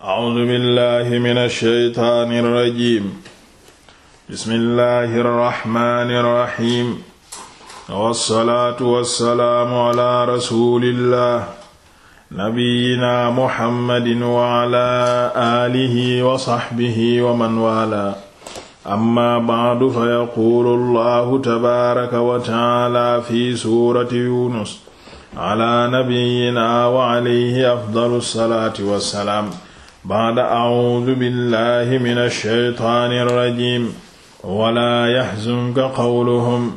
A'uuzu billaahi mina shaytaani rajiim. Bismillaahi rahmaani rahiim. Wassalaatu wassalaamu alaa rasuulillaah. Nabiyyinaa Muhammadin wa alaa aalihi wa sahbihi wa man waalaa. Ammaa ba'du fa yaquulu Allaahu tabaaraka wa ta'aalaa fi suurati Yuunus alaa nabiyyinaa wa alayhi afdalu salaati wa salaam. baada audu billahi min alsheytaani alrajim wala yaxzunka qawluhum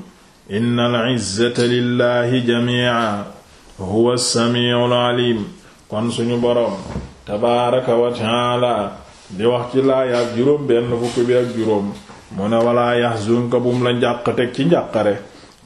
inna alizzata lillahi jamica huwa alsamicu alalim kon suñu boroom tabaaraka wa taala di wax ci laayaat juróom benn fukk bi ak juróom mu ne walaa yaxzunka bum la njàq teg ci njàqare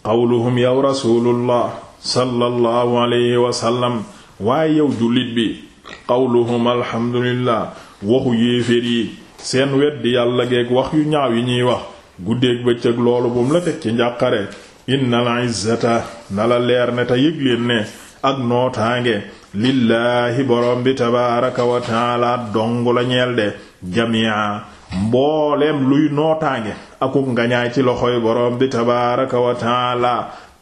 qawluhum yow rasulullah sallallahu alayhi wa sallam waaye yow jullit bi qawluhum alhamdulillah waxu yéeféer yi seen weddi yàlla geeg wax yu ñaaw yi ñuy wax guddeeg bëccëg loolu bu mu la teg ci njàqare innal izzata na la leer ne te yëg ne ak nootaange lillaahi borom bi tabaaraka wa taala dong la ñeel de jamia mbooleem luy nootaange akuk ngañaay ci loxoy borom bi tabaaraka wa taala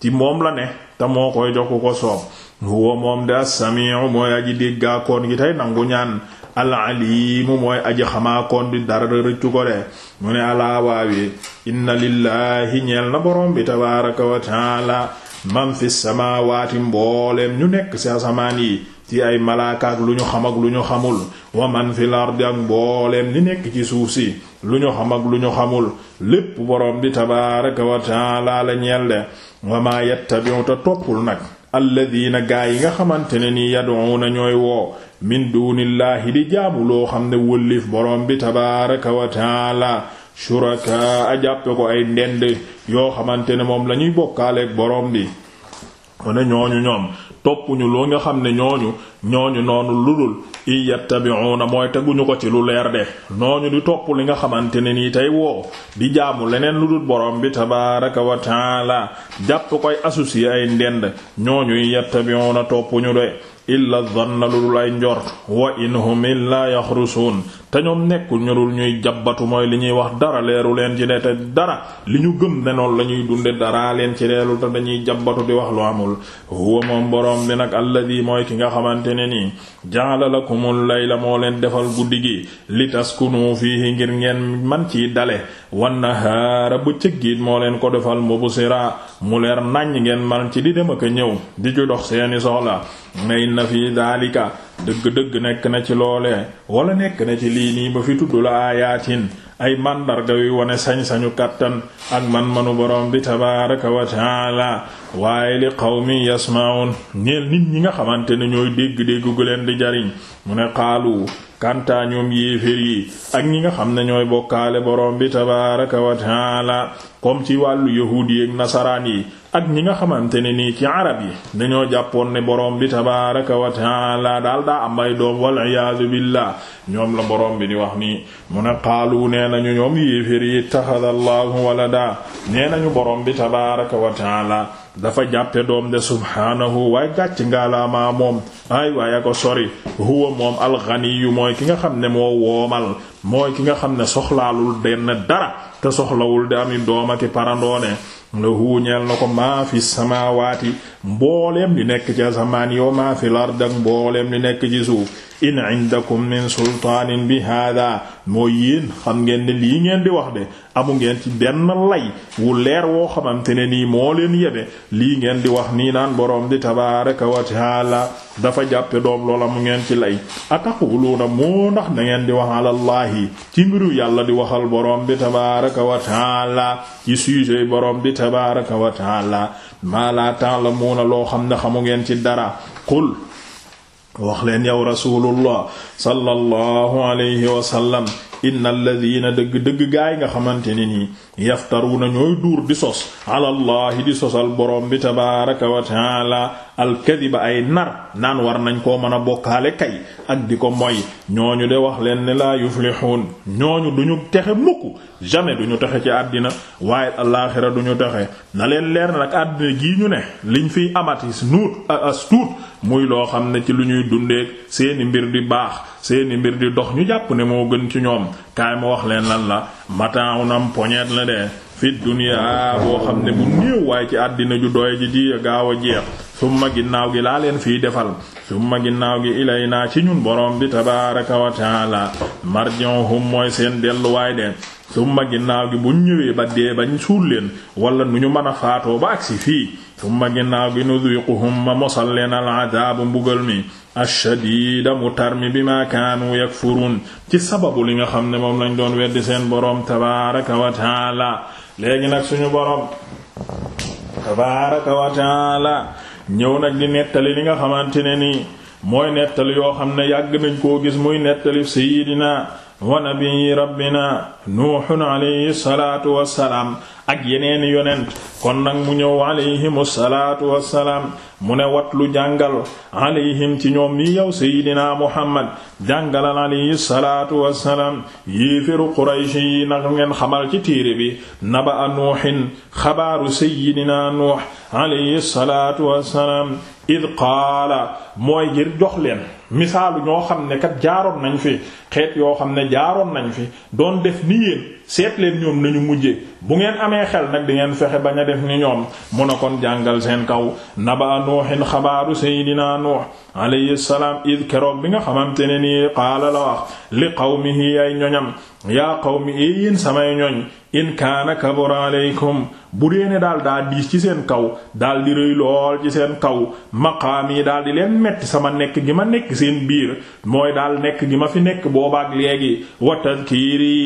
ci moom la ne te moo koy joku ko soob huwa moom de as-sami'u mooy aji déggaakoon gi tey nangu ñaan al mooy aji xamaakoon di dara rëccu ko de mu ne alaa waawi inna lillahi ñeel na borom bi tabaaraka wa taala man fi samaawaati mbooleem ñu nekk ci asamaan yi ci ay malaakaak lu ñu xam lu ñu xamul wa man fil ardi ak mbooleem li nekk ci suuf si lu ñu xam lu ñu xamul lépp borom bi tabaaraka wa taala la ñeel de wa maa yattabi'u ta toppul nag alladina gaa yi nga xamante ne nii yad'una ñooy woo min dunillahi di jaamu loo xam ne wëllif boroom bi tabaaraka wa taala shuraka a jàppe ko ay ndend yoo xamante ne moom la ñuy bokkaaleeg boroom bi mu ñooñu ñoom toppuñu loo nga xam ne ñooñu ñooñu noonu ludul i na mooy teguñu ko ci lu leer de ñu di topp li nga xamante ne nii tey woo di jaamu leneen lu dul borom bi tabaaraka wa taala jàpp koy associé ay ndend ñooñuy yattabi'una toppuñu de illa dhanna lu dul ay njort wa inhum illa yaxrusuun dañoo ñoom nekkul ñorul ñuy jabbatu mooy li ñuy wax dara leeru leen ci ne te dara li ñu gëm ne noonu la ñuy dunde dara leen ci leerul te dañuy jabbatu di wax lu amul huwa moom boroom bi nag alladi mooy ki nga xamante ne nii ja'ala lakumul la moo leen defal guddi gi litaskunu fii ngir ngeen man ci dale na wannahaara bëccëg gi moo leen ko defal mubsira mu leer naññ ngeen man ci di dem ak a ñëw di ju dox seeni soxla may na fi daalika dëgg-dëgg nekk na ci loole wala nekk na ci lii nii ba fi tudd la aayaatin ay màndarga yuy wone sañ-sañu kàttan ak man-manu borom bi tabaraka wa taala waaye li qawmi yasmaun ñeel nit ñi nga xamante ne ñooy dégg-dégg gu leen di jariñ mu ne xaalu kantaa ñoom yéeféer yi ak ñi nga xam ne ñooy bokkaale boroom bi tabaaraka wa taala comme ci wàllu yahuudi ak nasaraan yi ak ñi nga xamante ne nii ci arab yi dañoo jàppoon ne boroom bi tabaaraka wa taala daal daa am ay doom wal iyaadu billah ñoom la boroom bi di wax nii mu ne xaalu nee nañu ñoom yéeféer yi taxadallahu walada nee nañu borom bi tabaaraka wa taala dafa jàppe doom de subhaanahu waay gàcc ngaalaamaa moom ay waay a ko sori huwa moom alxaniyu mooy ki nga xam ne moo woomal mooy ki nga xam ne soxlaalul denn dara te soxlawul di ami doom ak parandoone la huu na ko maa fi samaawaati mbooleem li nekk ci asamaan yow maa fi lar dak mbooleem li nekk ci suuf in indakum min sultaanin bi hada mooy yéen xam ngeen ne lii ngeen di wax de amu ngeen ci benn lay wu leer woo xamante ne nii moo leen yebe lii ngeen di wax nii naan boroom di tabaaraka wa taala dafa jàppe doom lool mu ngeen ci lay ataquluuna mu ndax na ngeen di wax alallahi ci mbiru yàlla di waxal boroom di tabaaraka wa taala ci sujet boroom di tabaaraka wa taala maa la ta'lamuuna loo xam ne xamu ngeen ci dara qul wax leen yow rasulullah sallallahu alayhi wa sallam inna alladina dëgg dëgg gaay nga xamante ne nii yaftaruna ñooy duur di sos alallahi di sosal borom bi tabaraka wa taala alkadiba ay nar naan war nañ koo mën a bokkaale kay ak di ko moy ñooñu de wax leen ne laa yuflihun ñooñu duñu texe mukk jamais duñu texe ci àddina waaye alaaxira duñu texe na leen leer nag àddina gii ñu ne liñ fiy amati nuut as tuut muy loo xam ne ci lu ñuy dundeek seeni mbir di baax seeni mbir di dox ñu jàpp ne moo gën ci ñoom kaay ma wax leen lan la mataaw nam poñeet la de fi duniyaa boo xam ne bu néew waaye ci àddina ju doy ji di gaaw a jeex summa ginnaaw gi laa leen fiy defal summa ginaaw gi ilay naa ci ñun borom bi tabaaraka wa taala marjihum mooy seen delluwaay de summa ginnaaw gi buñ ñëwee ba dee bañ suul leen walla nu ñu mën a faatoo ba agsi fii summa ginnaaw gi nudiquhum ma mosal leen al adaabu mbugal mi ashadiida mu tarmi bi ma kaanu yakfuruun ci sababu li nga xam ne moom lañ doon weddi seen boroom tabaaraka wa taala léegi nag suñu boroom tabaaraka wa taala ñëw nag di nettali li nga xamante ne nii mooy nettali yoo xam ne yàgg nañ koo gis muy nettali sayyidina wa nabiyyi rabbina nuuhun alayhi salaatu wassalaam ak yeneeni yonent kon nag mu ñëw alayhim salaatu wassalaam mu ne watlu jàngal alayhim ci ñoom nii yow seydinaa muhammad jàngalal alayhi salaatu wassalaam yéeféru qurayshi yi nag ngeen xamal ci téere bi naba a nuuxin xabaaru seydinaa nuux alayhi salaatu wassalaam id qaala mooy ngir jox leen misaalu ñoo xam ne kat jaaroon nañ fi xeet yoo xam ne jaaroon nañ fi doon def ni yéen seet leen ñoom nañu mujjee bu ngeen amee xel nag di ngeen fexe bañ a def ni ñoom mun a kon jàngal seen kaw naba nuuhin xabaaru seydinaa nuux alayhi salaam id keroog bi nga xamante ne nii qaala la wax li qawmihi ay ñoñam yaa qawmi yéen samay ñoñ in kaana kabura alaykum bu dee ne daal daa diis ci seen kaw daal di rëy lool ci seen kaw maqaam yi daal di leen metti sama nekk gi ma nekk seen biir mooy daal nekk gi ma fi nekk boobaak léegi wa tadkiiri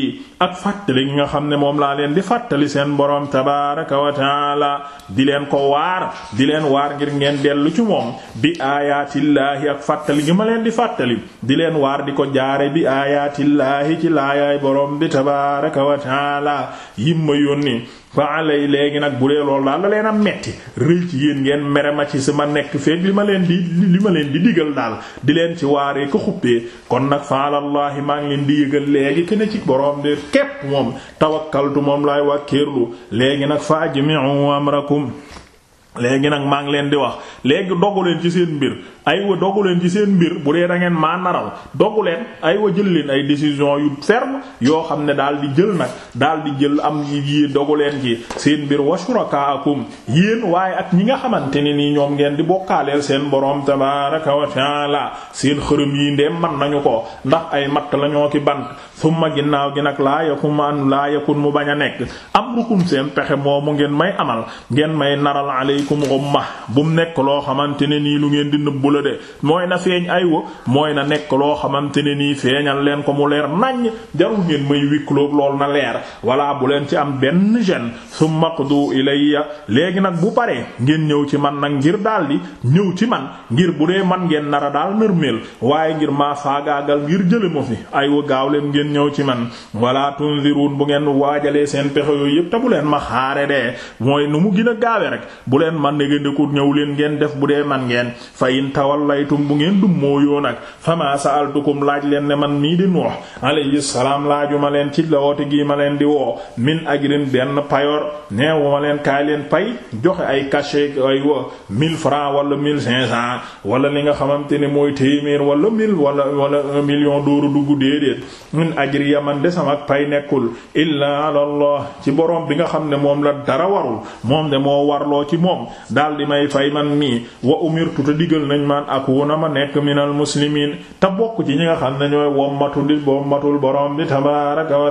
ak fàttali gi nga xam ne moom laa leen di fàttali seen boroom tabaaraka wa taala di leen ko waar di leen waar ngir ngeen dellu ci moom bi aayaatillaahi ak fàttali gi ma leen di fàttali di leen waar di ko jaare bi aayaatillaahi ci laayaay boroom bi tabaaraka wa taala yimma yónni fa léegi nag bu dee loolu daal la leen a metti rëy ci yéen ngeen mere ma ci si ma nekk feeg li ma leen di li ma leen di digal daal di leen ci waaree ko xuppee kon nag faalallaahi maa ngi leen di yëgal léegi ke ne ci borom de képp moom tawakkaltu moom laay wàkkeerlu léegi nag fa ajmi'u amrakum léegi nag maa ngi leen di wax léegi dogu leen ci seen mbir aywa dogu leen ci seen mbir bu dee da ngeen maa naral dogu leen aywa jël leen ay décision yu ferme yoo xam ne daal di jël nag daal di jël am yi dogu leen ci seen mbir wa yéen waaye ak ñi nga xamante ne nii ñoom ngeen di bokkaaleel seen borom tabaaraka wa taala seen xërëm yi ndeem man nañu ko ndax ay matt lañu ñoo ki bant summa ginnaaw gi nag laa yakun man laa yakun mu bañ a nekk am amrukum seen pexe moomu ngeen may amal ngeen may naral aleykum ghumma bu mu nekk loo xamante ne nii lu ngeen di nëbbu la de mooy na feeñ aywa mooy na nekk loo xamante ne nii seeñal leen ko mu leer naññ jarul ngeen may wikkloob lool na leer walla bu leen ci am benn gene summa qdu ilayya léegi nag bu paree ngeen ñëw ci man nag ngir daldi ñëw ci man ngir bu dee man ngeen nara daal nërmeel waaye ngir maa faagaagal ngir jële mo fi ngeen ñëw ci man wala tunzirun bu ngeen waajalee seen pexe yooyu yëpp te bu leen ma xaare dee mooy nu mu gën a gaawe rek bu leen man negandikut ñëw leen ngeen def bu dee man ngeen fa in tawallaytum bu ngeen dum mooyoo nag fama sa'altukum laaj leen ne man mii di nuux alayhi salaam laaju ma leen ci lawoote gi ma leen di woo min ajrin benn payoor neewu leen kaay leen pay joxe ay cachet ay wa mille francs wala mille cinq cents wala li nga xamante ne mooy téeméer wala mille wala wala million d'euros dugg ajriya man de sama pay nekkul illaa ala allah ci borom bi nga xam ne moom la dara warul moom de moo warloo ci moom dal di may fay man mii wa umirtu te digal nañ man ak na ma nekk minal muslimin ta bokk ci ñi nga xam ne ñooy wommatul di wommatul borom bi tabaaraka wa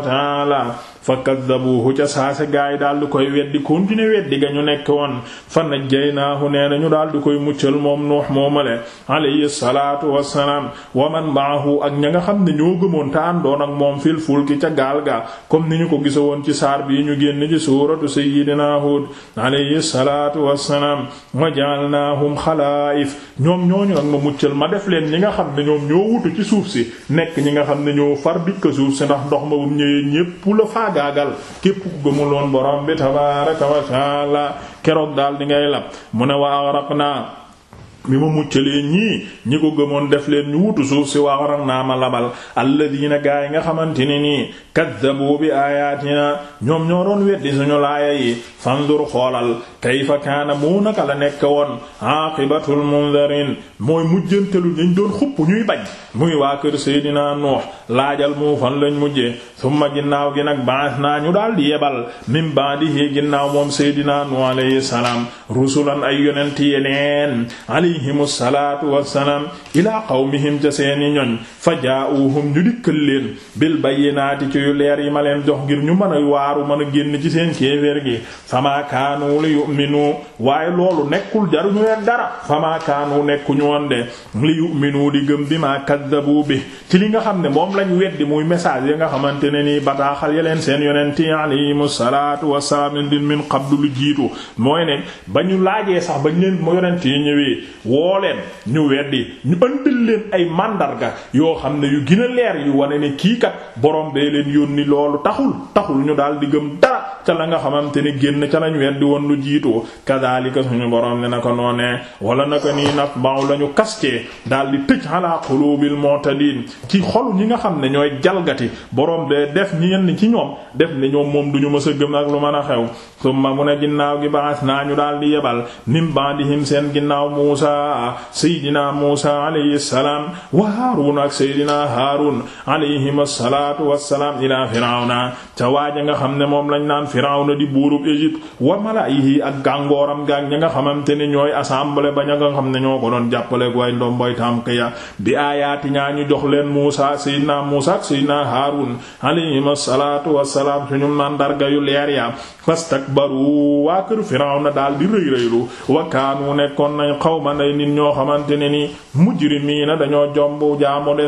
fa kaddabuhu ca saase gaay daal di koy weddi continuer weddi ga ñu nekk woon fa najjaynaahu nee na ñu daal di koy muccal moom nuux moomale alayhi salaatu wassalaam wa man maahu ak ña nga xam ne ñoo gëmoon te àndoon ak moom fil fulki ca gaal ga comme ni ñu ko gisa woon ci saar bi ñu génn ci suuratu sayyidina Hud alayhi salaatu wassalaam wa ja'alnaahum nag ma muccal ma def leen ñi nga xam ne ñoom ñoo wutu ci suuf si nekk ñi nga xam ne ñoo far dikk suuf si ndax ndox ma bu ñëwee ñépp la faaga faagaagal képp ku gëmul woon borom bi tabaaraka wa taala keroog daal di ngay lab mu ne wa aghraqnaa bi ma muccalee ñii ñi ko gëmoon def leen ñu wutu suuf si waawarak naa ma labal alladina gaa yi nga xamante ne nii kaddabu bi ayatina ñoom ñoo doon weddi suñu laaya yi fandur xoolal kayfa kaana moo naka la nekk woon aqibatul mundarin mooy mujjantelu ñañ doon xupp ñuy bañ muy waa kër Seydina Nuux laajal mu fan lañ mujjee summa ginnaaw gi nag baas naa ñu daal di yebal min baadihi ginnaaw moom Seydina Nuux alayhi salaam rusulan ay yonent yeneen alayhimu salaatu wassalaam ilaa qawmihim ca seeni ñoñ fa jaa'uhum ñu dikkal leen bil bayyinaati ci yu leer yi ma leen jox ngir ñu mën a waaru mën a génn ci seen kéeféer gi famaa kaanu li yu'minu waaye loolu nekkul jaruñu leen dara famaa kaanu nekkuñu woon de li yu'minu di gëm bi maa kaddabu bi ci li nga xam ne moom lañ weddi muy message ya nga xamante ne nii bataaxal ya leen seen yonent yi alayhimu salaatu wassalaam din min qablu lu jiitu mooy ne ba ñu laajee sax ba ñu leen mu yonent yi ñëwee woo leen ñu weddi ay màndarga xam ne yu gën leer yu wane ne kii kat borom bee leen yónni loolu taxul taxul ñu daal di gëm dara ca la nga xamante ne génn ca lañ weddi woon lu jiitu kadhalika suñu borom ne na ko noonee wala na ko nii nag baaw la ñu kaste daal di tëj ala qulubil mu'tadin ci xolu ñi nga xam ne ñooy jalgati boroom bee def ñenn ci ñoom def ne ñoom moom du ñu mës a gëm ak lu mën a xew summa mu ne ginnaaw gi baas naa ñu daal di yebal nim baadihim seen ginnaaw Musa sayidina Musa alayhi salaam wa Harun seydina haarun alayhim assalaatu wassalaam ilaa firawna ca waaja nga xam ne moom lañ naan firawna di buurub Égypte wa malaayihi ak gàngooram gaak ña nga xamante ne ñooy assemblée ba ña nga xam ne ñoo ko doon jàppale way ndomboy tàmk ya bi aayaati ñaa ñu jox leen Muusa seydina Muusa ak seydina haarun alayhim assalaatu wassalaam suñu màndarga yu leer ya fastakbaru waa kër firawna daal di rëy rëylu wa kaanu nekkoon nañ xawman ay nit ñoo xamante